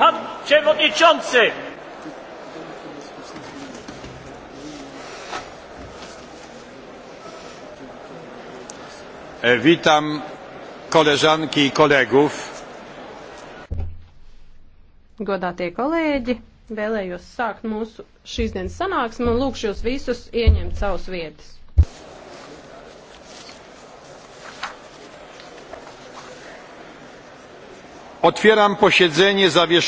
Pan Przewodniczący! E, witam koleżanki i kolegów. Godātie kolēģi, vēlējos sākt mūsu šīsdienas sanāksmu un lūkšu jūs visus ieņemt savus vietas. otwieram posiedzenie zawieszone